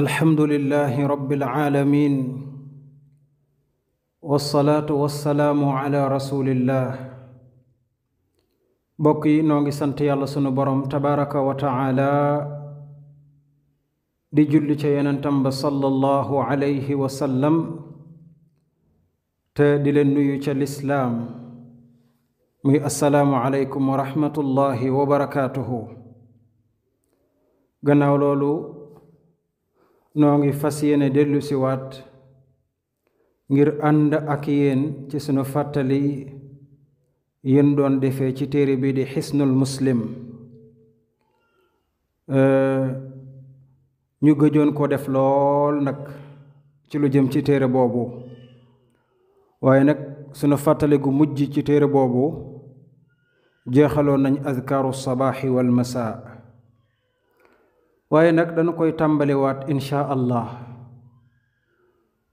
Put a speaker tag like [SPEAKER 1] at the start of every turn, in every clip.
[SPEAKER 1] الحمد لله رب العالمين والصلاة والسلام على رسول الله بقي نوغي سنت يالا سونو بروم تبارك وتعالى دي جولي تي يننتم صلى الله عليه وسلم te di leen nuyu ca lislaam muy assalaamu aleykum wa rahmatullahi wa barakaatuhu gannaaw loolu noo ngi fas yéene dellu waat ngir ànd ak yéen ci sunu fàttali yéen doon defee ci téere bi di xisnul muslim ñu gëjoon ko def lool nag ci lu jëm ci téere boobu waaye nag sunu fàttali gu mujj ci téere boobu jeexaloo nañ azkaaru sabaaxi wal masaa waaye nag dañu koy tàmbaliwaat insha allah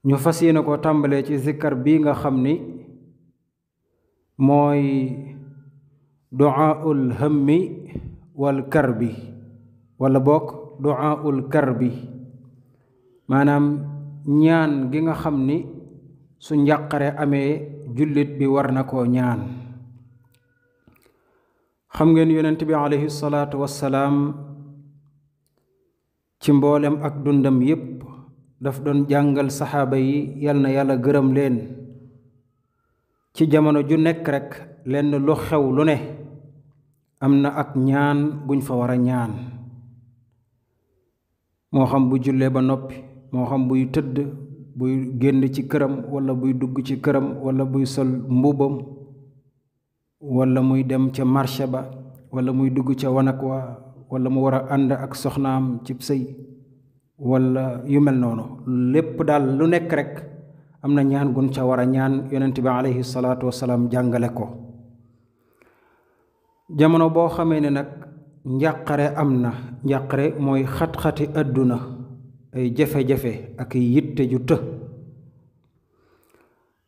[SPEAKER 1] ñu fas yéene ko tàmbalee ci zikkar bii nga xam ni mooy duaaul hammi wal bi wala bokk duaaul bi maanaam ñaan gi nga xam ni su njàqare amee jullit bi war na koo ñaan xam ngeen yonent bi alayhi salaatu wassalaam ci mboolem ak dundam yépp daf doon jàngal saxaaba yi yal na yàlla gërëm leen ci jamono ju nekk rekk lenn lu xew lu ne am na ak ñaan guñ fa war a ñaan moo xam bu jullee ba noppi moo xam buy tëdd buy génn ci këram walla buy dugg ci këram walla buy sol mbubam walla muy dem ca marché ba walla muy dugg ca wanag wa wala mu war a ànd ak soxnaam cib sëy wala yu mel noonu lépp daal lu nekk rekk am na ñaan gun ca war a ñaan yonent bi alayhi salaatu salaam jàngale ko jamono boo xamee ne nag njàqare am na njàqare mooy xat-xati àdduna ay jafe-jafe ak yitte ju të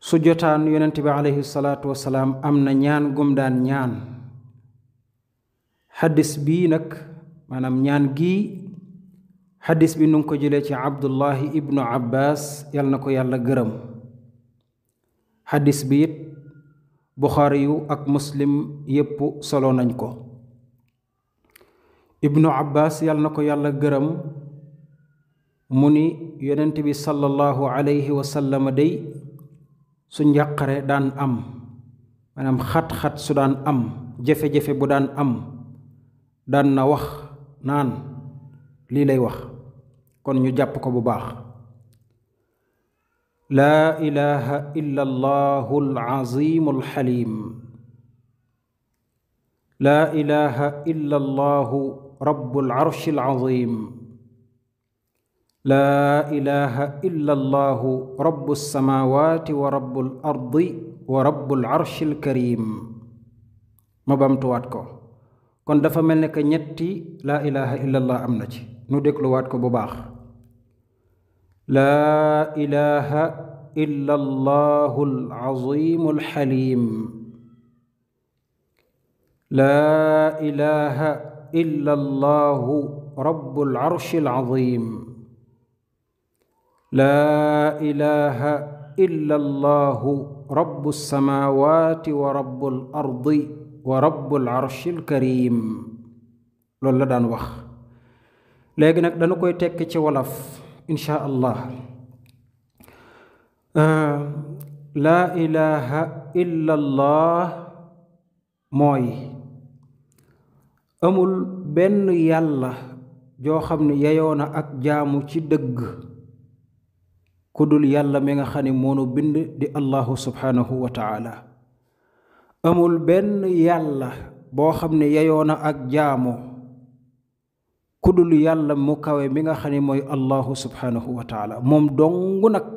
[SPEAKER 1] su jotaan yonent bi alayhi salaatu salaam am na ñaan gum daan ñaan xaddis bii nag maanaam ñaan gi xadis bi nu ngi ko jëlee ci abdullahi ibnu abbas yal na ko yàlla gërëm xadis bi it buxaari ak muslim yépp solo nañ ko ibnu abbas yal na ko yàlla gërëm mu ni yonent bi sallallahu alayhi wa sallam su njàqare daan am maanaam xat-xat su daan am jafe-jafe bu daan am daan na wax naan lii lay wax kon ñu jàpp ko bu baax laa ilaha illa allahu alazimu alxalim laa ilaha illa allahu rabu alarshi alazim laa ilaha illa allahu rabu alsamawati wa rabu alardi wa rabu alarshi alkarim ma bamtuwaat ko kon dafa mel ne que ñetti laa ilaha illallah am na ci nu dégluwaat ko bu baax laa ilaha illallahu alazimu alxalim laa ilaha illallahu rabbu alarshi alazim laa ilaha illallahu rabbu wa rabbu alardi wa rabbul arshil karim loolu la daan wax léegi nag dana koy tekk ci wolof insha allah laa ilaha mooy amul benn yàlla joo xam ne yeyoona ak jaamu ci dëgg ku dul yàlla mi nga xam ne moonu bind di allahu subhanahu wa taala amul benn yàlla boo xam ne yeyoona ak jaamu kudul yàlla mu kawe mi nga xam ni mooy allahu subhanahu wa taala moom dong nag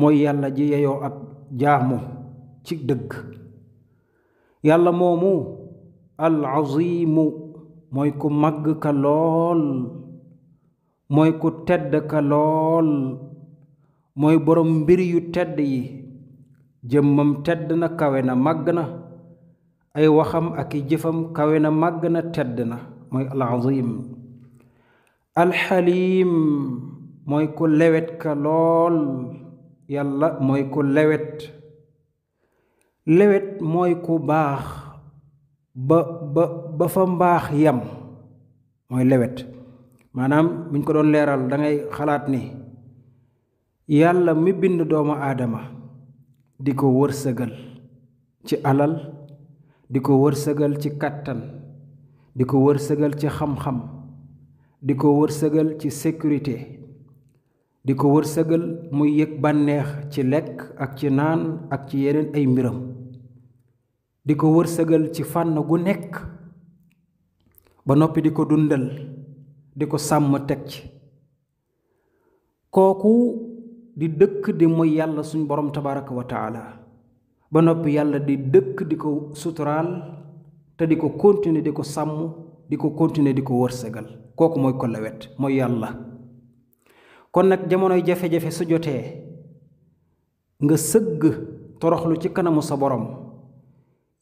[SPEAKER 1] mooy yàlla ji yeyoo ak jaamu ci dëgg yàlla moomu al azimu mooy ku màgg ka lool mooy ku tedd ka lool mooy borom mbir yu tedd yi jëmmam tedd na kawe na màgg na ay waxam ak i jëfam kawe na màgg na tedd na mooy alxaliim mooy ku lewet ka lool yàlla mooy ku lewet lewet mooy ku baax ba ba fa mbaax yam mooy lewet maanaam buñ ko doon leeral da xalaat ni yàlla mi bind doomu aadama di ko wërsëgal ci alal di ko wërsëgal ci kàttan di ko wërsëgal ci xam-xam di ko wërsëgal ci sécurité di ko wërsëgal muy yëg bànneex ci lekk ak ci naan ak ci yeneen ay mbiram di ko wërsëgal ci fànn gu nekk ba noppi di ko dundal di ko sàmm teg ci kooku di dëkk di mooy yàlla suñu borom tabaraka wa taala ba noppi yàlla di dëkk di ko suturaal te di ko continuer di ko sàmm di ko continuer di ko wërsëgal kooku mooy ko lawet mooy yàlla kon nag jamonoy jafe-jafe su jotee nga sëgg toroxlu ci kanamu sa borom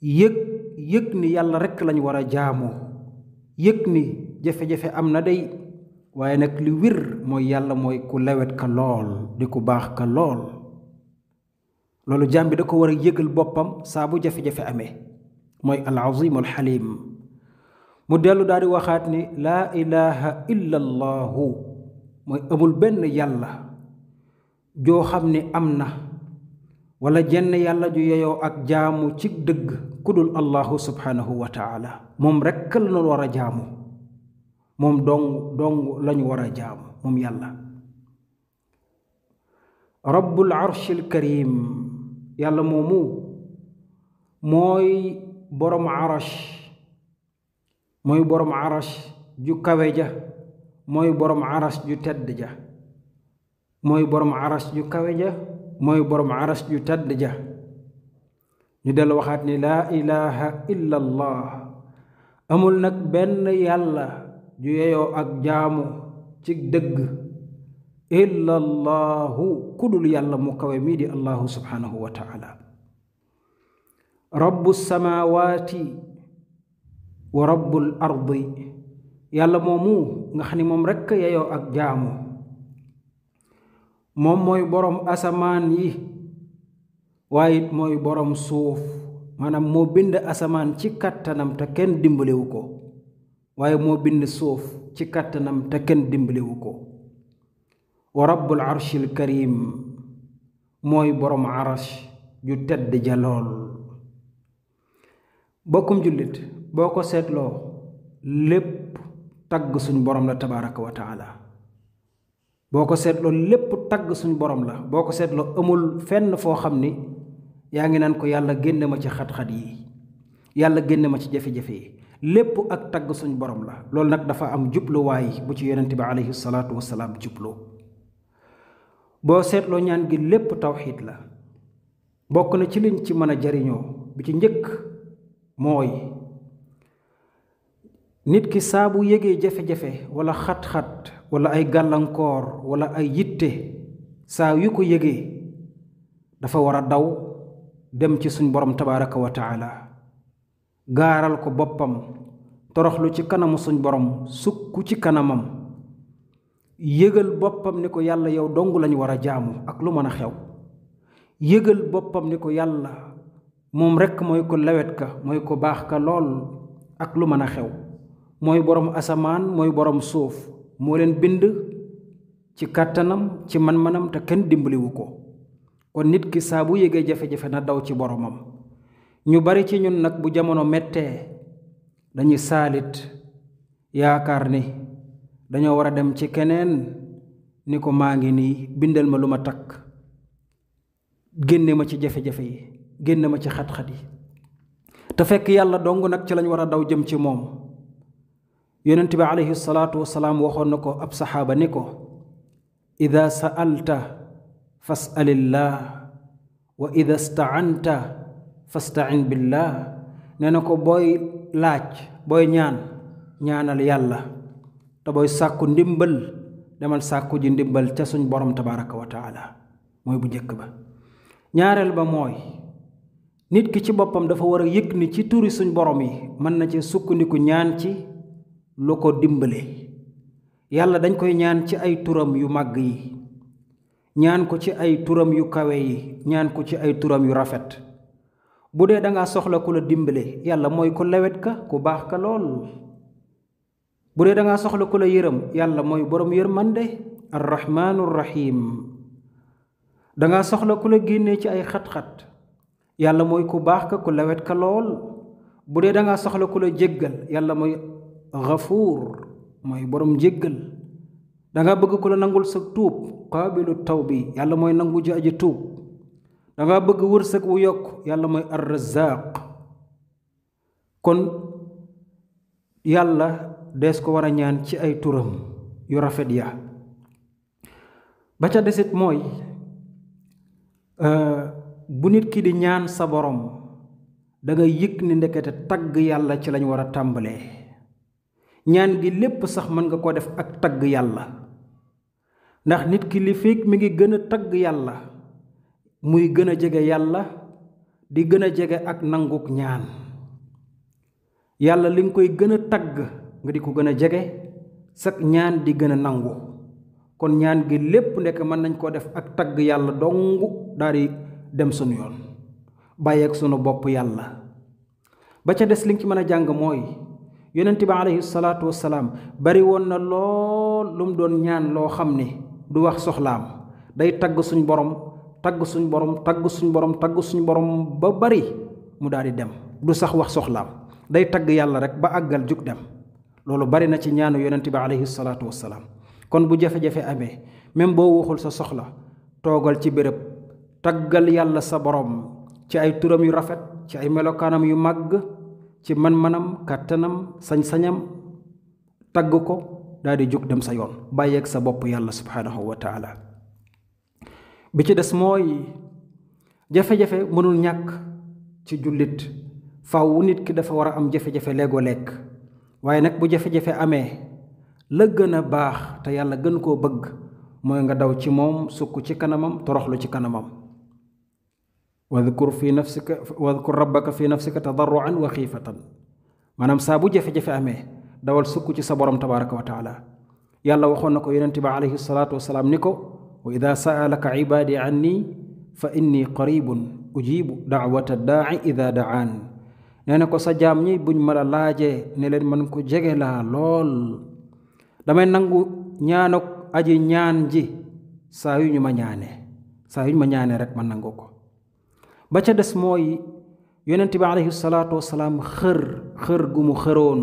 [SPEAKER 1] yëg yëg ni yàlla rekk lañu war a jaamoo yëg ni jafe-jafe am na day waaye nag li wér mooy yàlla mooy ku lawet ka lool di ku baax ka lool loolu jaam bi da ko war a yëgal boppam saabu bu jafe-jafe amee mooy al azim al dellu daal di waxaat ni laa illa allahu mooy amul benn yàlla joo xam ni am na wala jenn yàlla ju yeyoo ak jaamu ci dëgg ku dul allahu subhanahu wa taala moom rekk la noonu war a jaamu moom dong dong lañu war a jaamu moom yàlla rabbul arshil karim yàlla moomu mooy boroom arash mooy boroom arash ju kawe ja mooy boroom arash ju tedd ja mooy borom arash ju kawe ja mooy boroom arash ju tedd ja ñu del waxaat ni laa ilaha illa amul nag benn yàlla ju yeyoo ak jaamu ci dëgg illallahu kudul yàlla mu kawe mii di allahu subhanahu wa taala rabbu samaawaati wa rabbul ardi yàlla moomu nga xam ni moom rekk yeyoo ak jaamu moom mooy boroom asamaan yi waaye mooy boroom suuf maanaam moo bind asamaan ci kattanam te kenn dimbalewu ko waaye moo bind suuf ci kàttanam te kenn dimbaliwu ko wa rabbul arshil karim mooy boroomu arash ju tedd jalool bokkum jullit boo ko seetloo lépp tagg suñ boroom la tabaaraka wa taala boo ko seetloo lépp tagg suñ borom la boo ko seetloo amul fenn foo xam ni yaa ngi naan ko yàlla génne ma ci xat-xat yi yàlla génne ma ci jafe-jafe yi lépp ak tagg suñ borom la loolu nag dafa am jubluwaay bu ci yonent bi aleyhi salaatu wasalaam jubloo boo seetloo ñaan gi lépp tawxiid la bokk na ci liñ ci mën a jariñoo bi ci njëkk mooy nit ki saa bu yëgee jafe-jafe wala xat-xat wala ay gàllankoor walla ay yitte saa yu ko yëgee dafa war a daw dem ci suñu borom tabaaraka wa gaaral ko boppam toroxlu ci kanamu suñ borom sukk ci kanamam yëgal boppam ni ko yàlla yow dong lañu war a jaamu ak lu mën a xew yëgal boppam ni ko yàlla moom rekk mooy ko lawet ka mooy ko baax ka lool ak lu mën a xew mooy borom asamaan mooy borom suuf moo leen bind ci kàttanam ci man-manam te kenn dimbaliwu ko kon nit ki saa bu yëgee jafe-jafe na daw ci boromam ñu bari ci ñun nag bu jamono mettee dañuy saalit yaakaar ni dañoo war a dem ci keneen ni ko maa ngi nii bindal ma lu ma takk génne ma ci jafe-jafe yi génne ma ci xat-xat yi te fekk yàlla dong nag ci lañ war a daw jëm ci moom yonent bi alayhi salaatu wasalaam waxoon na ko ab saxaaba ni ko ida sa'alta fas'alillah wa ida sta'anta fastain billah nee na ko booy laaj booy ñaan ñaanal yàlla te booy sàkku ndimbal demal sàkku ji ndimbal ca suñ borom tabaraka wa mooy bu njëkk ba ñaareel ba mooy nit ki ci boppam dafa war a yëg ni ci turi suñ borom yi mën na ci sukkandiku ñaan ci lu ko dimbale yàlla dañ koy ñaan ci ay turam yu màgg yi ñaan ko ci ay turam yu kawe yi ñaan ko ci ay turam yu rafet bu dee dangaa soxla ku la dimbale yàlla mooy ku lawet ka ku baax ka lool bu dee dangaa soxla ku la yërëm yàlla mooy boroom yërmande arrahmaanu rahim dangaa soxla ku la génnee ci ay xat yàlla mooy ku baax ka ku lawet ka lool bu dee danga soxla ku la jéggal yàlla mooy gafuur mooy boroom jéggal danga bëgg ku la nangul sa tuub qaabilu tawbi yàlla mooy nangu ji aji tuub danga bëgg wërsëg wu yokk yàlla mooy ar razaq kon yàlla dees ko war a ñaan ci ay turam yu rafet ya ba ca desit mooy euh, bu nit ki di ñaan sa borom da nga ni ndekete tagg yàlla ci lañ war a tàmbalee ñaan gi lépp sax mën nga ko def ak tagg yàlla ndax nit ki li fekk mi ngi gën a tagg yàlla muy gën a jege yàlla di gën a jege ak nanguk ñaan yàlla li nga koy gën a tagg nga di ko gën a jege sag ñaan di gën a nangu kon ñaan gi lépp nekk mën nañ koo def ak tagg yàlla dong daal di dem suñu yoon bàyyeeg sunu bopp yàlla ba ca des liñ ci mën a jàng mooy yonent bi aleyhi salaatu wasalaam bari woon na lool mu doon ñaan loo xam ni du wax soxlaam day tagg suñu borom tagg suñ borom tagg suñu borom tagg suñu borom ba bari mu daal di dem du sax wax soxlaam day tagg yàlla rek ba àggal jóg dem loolu bari na ci ñaanu yonent bi aleyhi salaatu wasalaam kon bu jafe-jafe amee même boo waxul sa soxla toogal ci béréb taggal yàlla sa borom ci ay turam yu rafet ci ay melokaanam yu màgg ci man-manam kàttanam sañ-sañam tagg ko daa di jóg dem sa yoon bàyyi bàyyeeg sa bopp yàlla subhaanahu wa taala bi ci des mooy jafe-jafe mënul ñàkk ci jullit faaw nit ki dafa war a am jafe-jafe léegoo lekk waaye nag bu jafe-jafe amee la gën a baax te yàlla gën koo bëgg mooy nga daw ci moom sukk ci kanamam toroxlu ci kanamam wadkur fi nafsika wadkur rabbaka fi nafsika tadarruan wa xiifatan maanaam saa bu jafe-jafe amee dawal sukk ci sa borom tabaraka wa taala yàlla waxoon na ko yonente bi alayhi salaatu wasalaam ni ko wa ida saalaka ibaadi anni fa inni qaribun ujibu daawata daai ida daan nee na ko sa jaam ñi buñ ma la laajee ne leen man ko jege laa lool damay nangu ñaanuk aji ñaan ji saa yu ñu ma ñaane saa yu ñu ma ñaane rek ma nangu ko ba ca des mooy yonent bi aleyhi salaatu wasalaam xër xër gu mu xëroon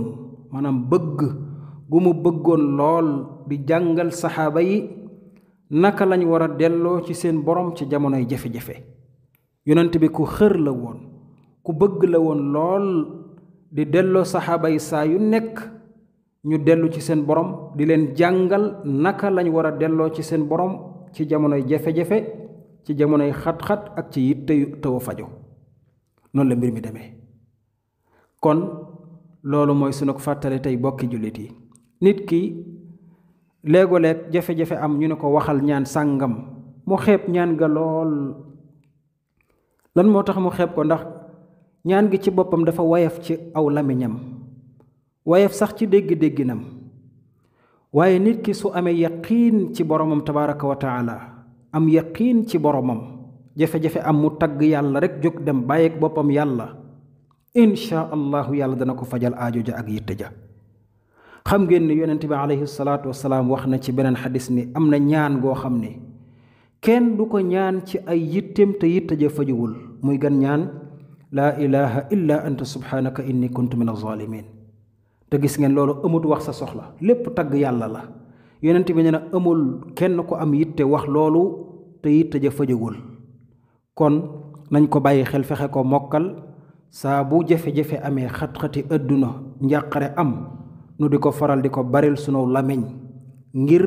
[SPEAKER 1] maanaam bëgg gu mu bëggoon lool di jàngal saxaaba yi naka lañ war a delloo ci seen borom ci jamonoy jafe-jafe yonent bi ku xër la woon ku bëgg la woon lool di delloo saxaaba saa yu nekk ñu dellu ci seen borom di leen jàngal naka lañu war a delloo ci seen borom ci jamonoy jafe-jafe ci jamonoy xat-xat ak ci yitte yu taw fajo noonu la mbir mi demee kon loolu mooy sunu fàttalee tey bokki jullit yi nit ki léegoleeg jafe-jafe am ñu ne ko waxal ñaan sàngam mu xeeb ñaan ga lool lan moo tax mu xeeb ko ndax ñaan gi ci boppam dafa wayaf ci aw lamiñam wayaf sax ci dégg-dégginam waaye nit ki su amee yaqiin ci boromam tabaraka wa am yaqiin ci boromam jafe-jafe am mu tagg yàlla rek jóg dem bàyyeeg boppam yàlla insha allahu yàlla dana ko fajal aajo ja ak yitte ja xam ngeen ne yonent bi alayhi salaatu wasalaam wax na ci beneen xadis ni am na ñaan goo xam ne kenn du ko ñaan ci ay yitteem te yitte ja muy gan ñaan laa ilaha illa anta subhanaka inni kuntu min azalimin te gis ngeen loolu amut wax sa soxla lépp tagg yàlla la yonent bi nee na amul kenn ko am yitte wax loolu te yitte ja kon nañ ko bàyyi xel fexe ko mokkal saa bu jafe-jafe amee xat-xati adduna njàqare am nu di ko faral di ko baril sunu làmmiñ ngir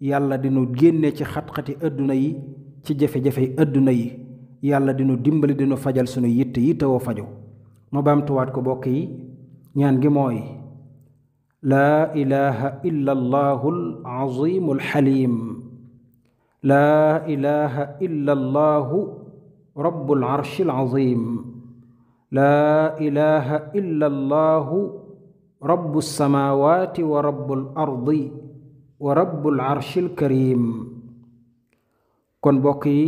[SPEAKER 1] yàlla dinu nu génne ci xatxati àdduna yi ci jafe-jafey àdduna yi yàlla dinu dimbali dinu fajal sunu yitte yi tawoo faju mu baamtuwaat ko bokk yi ñaan gi mooy laa ilaha illa allahu alazimu alxalim laa ilaha alazim laa ilaha illa allahu rabbu samaawaati wa rabbul ardi wa rabbul arshil karim kon mbokk yi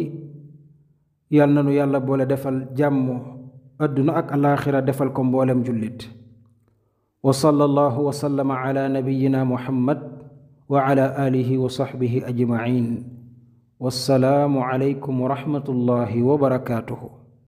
[SPEAKER 1] yal na nu yàlla boole defal jàmm àdduna ak alaaxira defal ko mboolem jullit wa sallallahu wa sallama ala nabiyyina muhammad wa ala alihi wa sahbihi ajmain wassalaamu alaykum wa rahmatullahi wa barakaatuhu